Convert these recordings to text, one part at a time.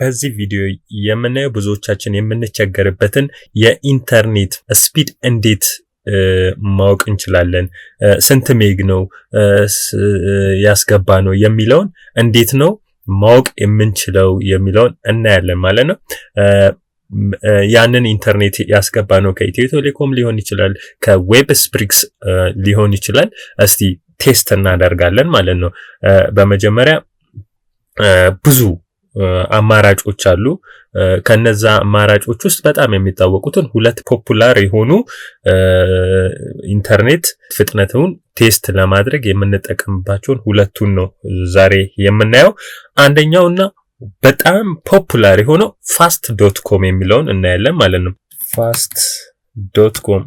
በዚህ ቪዲዮ የምናየው ብዙዎቻችን የምንቸገርበትን የኢንተርኔት ስፒድ እንዴት ማወቅ እንችላለን፣ ስንት ሜግ ነው ያስገባ ነው የሚለውን እንዴት ነው ማወቅ የምንችለው የሚለውን እናያለን ማለት ነው። ያንን ኢንተርኔት ያስገባ ነው ከኢትዮ ቴሌኮም ሊሆን ይችላል፣ ከዌብ ስፕሪክስ ሊሆን ይችላል። እስቲ ቴስት እናደርጋለን ማለት ነው። በመጀመሪያ ብዙ አማራጮች አሉ። ከነዛ አማራጮች ውስጥ በጣም የሚታወቁትን ሁለት ፖፑላር የሆኑ ኢንተርኔት ፍጥነቱን ቴስት ለማድረግ የምንጠቀምባቸውን ሁለቱን ነው ዛሬ የምናየው። አንደኛው እና በጣም ፖፑላር የሆነው ፋስት ዶት ኮም የሚለውን እናያለን ማለት ነው። ፋስት ዶት ኮም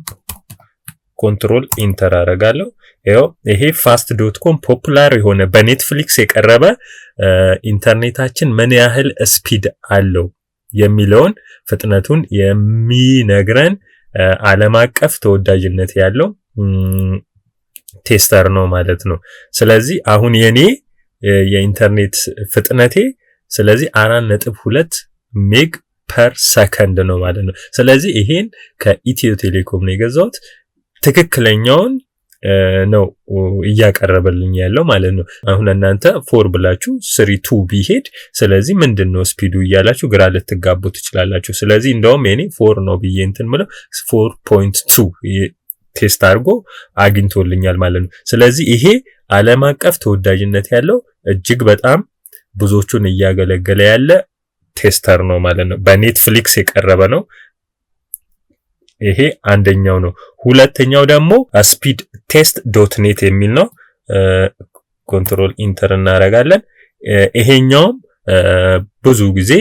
ኮንትሮል ኢንተር አረጋለሁ። ይኸው ይሄ ፋስት ዶት ኮም ፖፑላር የሆነ በኔትፍሊክስ የቀረበ ኢንተርኔታችን ምን ያህል ስፒድ አለው የሚለውን ፍጥነቱን የሚነግረን ዓለም አቀፍ ተወዳጅነት ያለው ቴስተር ነው ማለት ነው። ስለዚህ አሁን የኔ የኢንተርኔት ፍጥነቴ ስለዚህ አራት ነጥብ ሁለት ሜግ ፐር ሰከንድ ነው ማለት ነው። ስለዚህ ይሄን ከኢትዮ ቴሌኮም ነው የገዛሁት ትክክለኛውን ነው እያቀረበልኝ ያለው ማለት ነው። አሁን እናንተ ፎር ብላችሁ ስሪ ቱ ቢሄድ ስለዚህ ምንድን ነው ስፒዱ እያላችሁ ግራ ልትጋቡ ትችላላችሁ። ስለዚህ እንደውም የኔ ፎር ነው ብዬ እንትን ብለው ፎር ፖይንት ቱ ቴስት አድርጎ አግኝቶልኛል ማለት ነው። ስለዚህ ይሄ ዓለም አቀፍ ተወዳጅነት ያለው እጅግ በጣም ብዙዎቹን እያገለገለ ያለ ቴስተር ነው ማለት ነው። በኔትፍሊክስ የቀረበ ነው። ይሄ አንደኛው ነው። ሁለተኛው ደግሞ ስፒድ ቴስት ዶት ኔት የሚል ነው። ኮንትሮል ኢንተር እናደርጋለን። ይሄኛውም ብዙ ጊዜ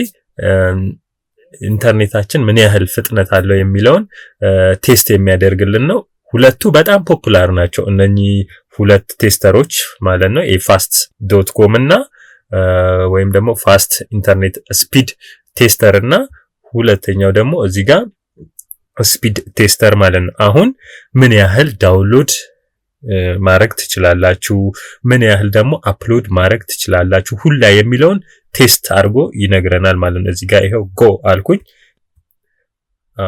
ኢንተርኔታችን ምን ያህል ፍጥነት አለው የሚለውን ቴስት የሚያደርግልን ነው። ሁለቱ በጣም ፖፑላር ናቸው። እነኚህ ሁለት ቴስተሮች ማለት ነው ፋስት ዶት ኮም እና ወይም ደግሞ ፋስት ኢንተርኔት ስፒድ ቴስተር እና ሁለተኛው ደግሞ እዚህ ጋር ስፒድ ቴስተር ማለት ነው። አሁን ምን ያህል ዳውንሎድ ማድረግ ትችላላችሁ፣ ምን ያህል ደግሞ አፕሎድ ማድረግ ትችላላችሁ ሁላ የሚለውን ቴስት አድርጎ ይነግረናል ማለት ነው። እዚህ ጋር ይኸው ጎ አልኩኝ።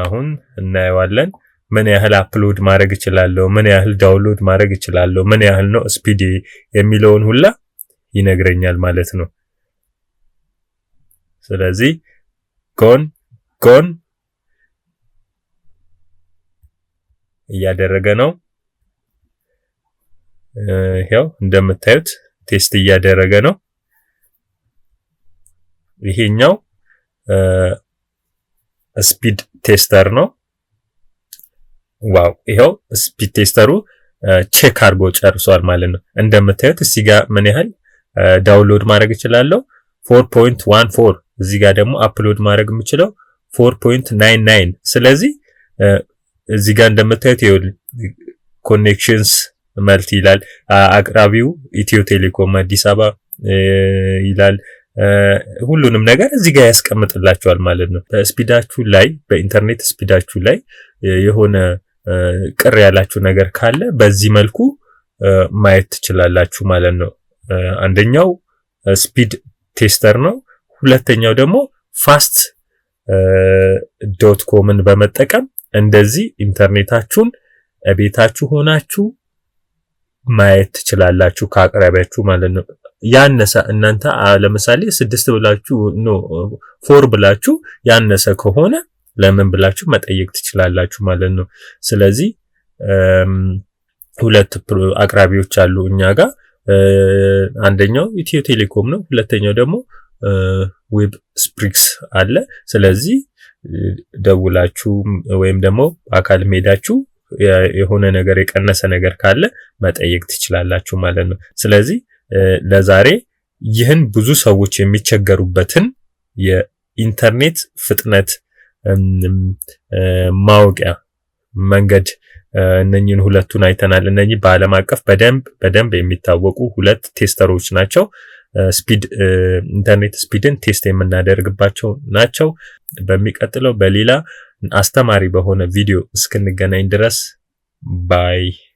አሁን እናየዋለን ምን ያህል አፕሎድ ማድረግ እችላለሁ፣ ምን ያህል ዳውንሎድ ማድረግ እችላለሁ፣ ምን ያህል ነው ስፒድ የሚለውን ሁላ ይነግረኛል ማለት ነው። ስለዚህ ጎን ጎን እያደረገ ነው። ይሄው እንደምታዩት ቴስት እያደረገ ነው። ይሄኛው ስፒድ ቴስተር ነው። ዋው! ይሄው ስፒድ ቴስተሩ ቼክ አድርጎ ጨርሷል ማለት ነው። እንደምታዩት እዚህ ጋር ምን ያህል ዳውንሎድ ማድረግ እችላለሁ? 4.14 እዚህ ጋር ደግሞ አፕሎድ ማድረግ የምችለው 4.99 ስለዚህ እዚህ ጋር እንደምታዩት ኮኔክሽንስ መልት ይላል። አቅራቢው ኢትዮ ቴሌኮም አዲስ አበባ ይላል። ሁሉንም ነገር እዚህ ጋር ያስቀምጥላችኋል ማለት ነው። በስፒዳችሁ ላይ በኢንተርኔት ስፒዳችሁ ላይ የሆነ ቅር ያላችሁ ነገር ካለ በዚህ መልኩ ማየት ትችላላችሁ ማለት ነው። አንደኛው ስፒድ ቴስተር ነው። ሁለተኛው ደግሞ ፋስት ዶት ኮምን በመጠቀም እንደዚህ ኢንተርኔታችሁን ቤታችሁ ሆናችሁ ማየት ትችላላችሁ ከአቅራቢያችሁ ማለት ነው። ያነሰ እናንተ ለምሳሌ ስድስት ብላችሁ ኖ ፎር ብላችሁ ያነሰ ከሆነ ለምን ብላችሁ መጠየቅ ትችላላችሁ ማለት ነው። ስለዚህ ሁለት አቅራቢዎች አሉ እኛ ጋር። አንደኛው ኢትዮ ቴሌኮም ነው። ሁለተኛው ደግሞ ዌብ ስፕሪክስ አለ። ስለዚህ ደውላችሁ ወይም ደግሞ አካል ሄዳችሁ የሆነ ነገር የቀነሰ ነገር ካለ መጠየቅ ትችላላችሁ ማለት ነው። ስለዚህ ለዛሬ ይህን ብዙ ሰዎች የሚቸገሩበትን የኢንተርኔት ፍጥነት ማወቂያ መንገድ እነኝን ሁለቱን አይተናል። እነኚህ በዓለም አቀፍ በደንብ በደንብ የሚታወቁ ሁለት ቴስተሮች ናቸው። ስፒድ ኢንተርኔት ስፒድን ቴስት የምናደርግባቸው ናቸው። በሚቀጥለው በሌላ አስተማሪ በሆነ ቪዲዮ እስክንገናኝ ድረስ ባይ